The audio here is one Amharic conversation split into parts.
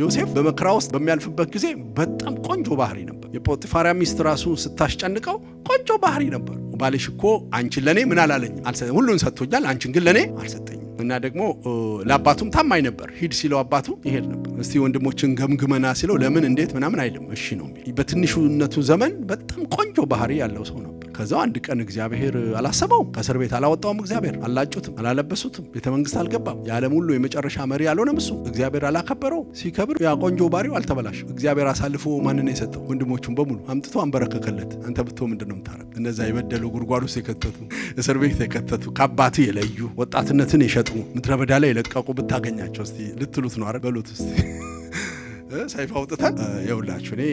ዮሴፍ በመከራ ውስጥ በሚያልፍበት ጊዜ በጣም ቆንጆ ባህሪ ነበር። የፖቲፋራ ሚስት ራሱን ስታስጨንቀው ቆንጆ ባህሪ ነበር። ባልሽ እኮ አንቺን ለእኔ ምን አላለኝም፣ ሁሉን ሰጥቶኛል፣ አንቺን ግን ለእኔ አልሰጠኝም። እና ደግሞ ለአባቱም ታማኝ ነበር። ሂድ ሲለው አባቱ ይሄድ ነበር። እስቲ ወንድሞችን ገምግመና ሲለው ለምን እንዴት ምናምን አይልም፣ እሺ ነው የሚል። በትንሹነቱ ዘመን በጣም ቆንጆ ባህሪ ያለው ሰው ነው። ከዛው አንድ ቀን እግዚአብሔር አላሰበውም። ከእስር ቤት አላወጣውም። እግዚአብሔር አላጩትም፣ አላለበሱትም፣ ቤተ መንግስት አልገባም። የዓለም ሁሉ የመጨረሻ መሪ አልሆነም። እሱ እግዚአብሔር አላከበረው። ሲከብር ያ ቆንጆ ባሪው አልተበላሽ። እግዚአብሔር አሳልፎ ማንን የሰጠው? ወንድሞቹን በሙሉ አምጥቶ አንበረከከለት። አንተ ብቶ ምንድን ነው የምታረግ? እነዛ የበደሉ ጉድጓድ ውስጥ የከተቱ እስር ቤት የከተቱ ከአባት የለዩ ወጣትነትን የሸጡ ምድረ በዳ ላይ የለቀቁ ብታገኛቸው እስቲ ልትሉት ነው። አረ በሉት እስቲ ሰይፍ አውጥተን የውላችሁ እኔ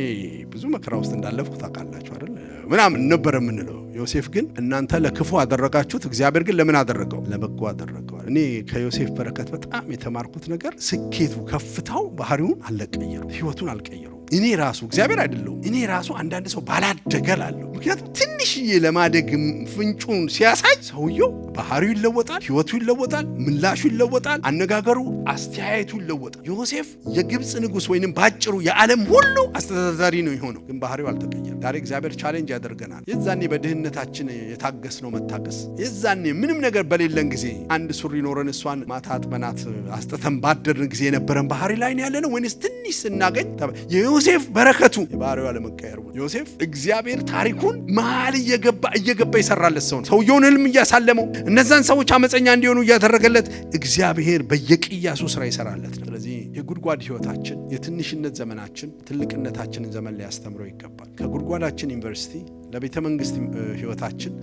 ብዙ መከራ ውስጥ እንዳለፍኩ ታውቃላችሁ አይደል ምናምን ነበር የምንለው። ዮሴፍ ግን እናንተ ለክፉ አደረጋችሁት፣ እግዚአብሔር ግን ለምን አደረገው? ለበጎ አደረገዋል። እኔ ከዮሴፍ በረከት በጣም የተማርኩት ነገር ስኬቱ፣ ከፍታው ባህሪውን አልቀየረው፣ ህይወቱን አልቀየሩ። እኔ ራሱ እግዚአብሔር አይደለሁም። እኔ ራሱ አንዳንድ ሰው ባላደገ ላለሁ ምክንያቱም ትንሽዬ ለማደግ ፍንጩን ሲያሳይ ሰውየው ባህሪው ይለወጣል፣ ህይወቱ ይለወጣል፣ ምላሹ ይለወጣል፣ አነጋገሩ፣ አስተያየቱ ይለወጣል። ዮሴፍ የግብፅ ንጉሥ ወይንም ባጭሩ የዓለም ሁሉ አስተዳዳሪ ነው የሆነው፣ ግን ባህሪው አልተቀየረም። ዛሬ እግዚአብሔር ቻሌንጅ ያደርገናል። የዛኔ በድህነታችን የታገስ ነው መታገስ። የዛኔ ምንም ነገር በሌለን ጊዜ አንድ ሱሪ ኖረን እሷን ማታ አጥበናት አስጥተን ባደርን ጊዜ የነበረን ባህሪ ላይ ነው ያለነው ወይንስ ትንሽ ስናገኝ የዮሴፍ በረከቱ የባህሪው አለመቀየር ዮሴፍ እግዚአብሔር ታሪኩ ሰውን መሀል እየገባ እየገባ ይሰራለት ሰው ሰውየውን ህልም እያሳለመው እነዛን ሰዎች አመፀኛ እንዲሆኑ እያደረገለት እግዚአብሔር በየቅያሱ ስራ ይሰራለት ነው። ስለዚህ የጉድጓድ ህይወታችን የትንሽነት ዘመናችን ትልቅነታችንን ዘመን ላይ ያስተምረው ይገባል። ከጉድጓዳችን ዩኒቨርሲቲ ለቤተ መንግስት ህይወታችን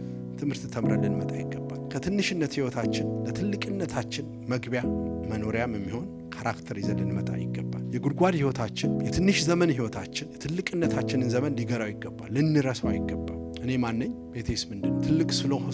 ትምህርት ተምረን ልንመጣ ይገባል። ከትንሽነት ህይወታችን ለትልቅነታችን መግቢያ መኖሪያም የሚሆን ካራክተር ይዘን ልንመጣ ይገባል። የጉድጓድ ህይወታችን፣ የትንሽ ዘመን ህይወታችን የትልቅነታችንን ዘመን ሊገራው ይገባል፣ ልንረሳው አይገባም። እኔ ማነኝ? ቤቴስ ምንድን? ትልቅ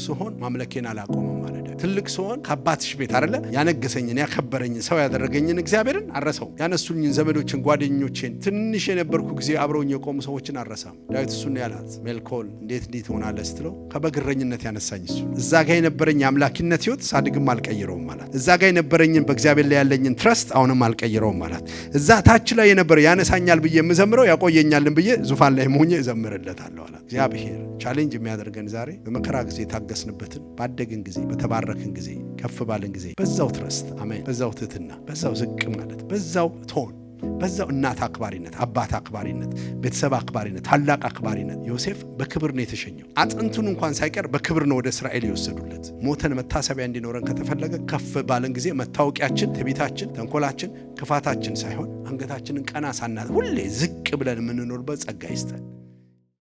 ስሆን ማምለኬን አላቆምም ማለት ትልቅ ስሆን ከአባትሽ ቤት አደለ ያነገሰኝን ያከበረኝን ሰው ያደረገኝን እግዚአብሔርን አረሰው። ያነሱኝን ዘመዶችን፣ ጓደኞቼን፣ ትንሽ የነበርኩ ጊዜ አብረውኝ የቆሙ ሰዎችን አረሳም። ዳዊት እሱን ያላት ሜልኮል እንዴት እንዴት ሆናለ ስትለው ከበግረኝነት ያነሳኝ እሱ እዛ ጋ የነበረኝ የአምላኪነት ህይወት ሳድግም አልቀይረውም ማለት እዛ ጋ የነበረኝን በእግዚአብሔር ላይ ያለኝን ትረስት አሁንም አልቀይረውም ማለት እዛ ታች ላይ የነበረ ያነሳኛል ብዬ የምዘምረው ያቆየኛልን ብዬ ዙፋን ላይ ሆኜ እዘምርለታለሁ አላት እግዚአብሔር ቻሌንጅ የሚያደርገን ዛሬ በመከራ ጊዜ የታገስንበትን ባደግን ጊዜ በተባረክን ጊዜ ከፍ ባልን ጊዜ በዛው ትረስት አሜን፣ በዛው ትህትና፣ በዛው ዝቅ ማለት፣ በዛው ቶን፣ በዛው እናት አክባሪነት፣ አባት አክባሪነት፣ ቤተሰብ አክባሪነት፣ ታላቅ አክባሪነት። ዮሴፍ በክብር ነው የተሸኘው። አጥንቱን እንኳን ሳይቀር በክብር ነው ወደ እስራኤል የወሰዱለት። ሞተን መታሰቢያ እንዲኖረን ከተፈለገ ከፍ ባልን ጊዜ መታወቂያችን፣ ትቢታችን፣ ተንኮላችን፣ ክፋታችን ሳይሆን አንገታችንን ቀና ሳናት ሁሌ ዝቅ ብለን የምንኖርበት ጸጋ ይስጠን።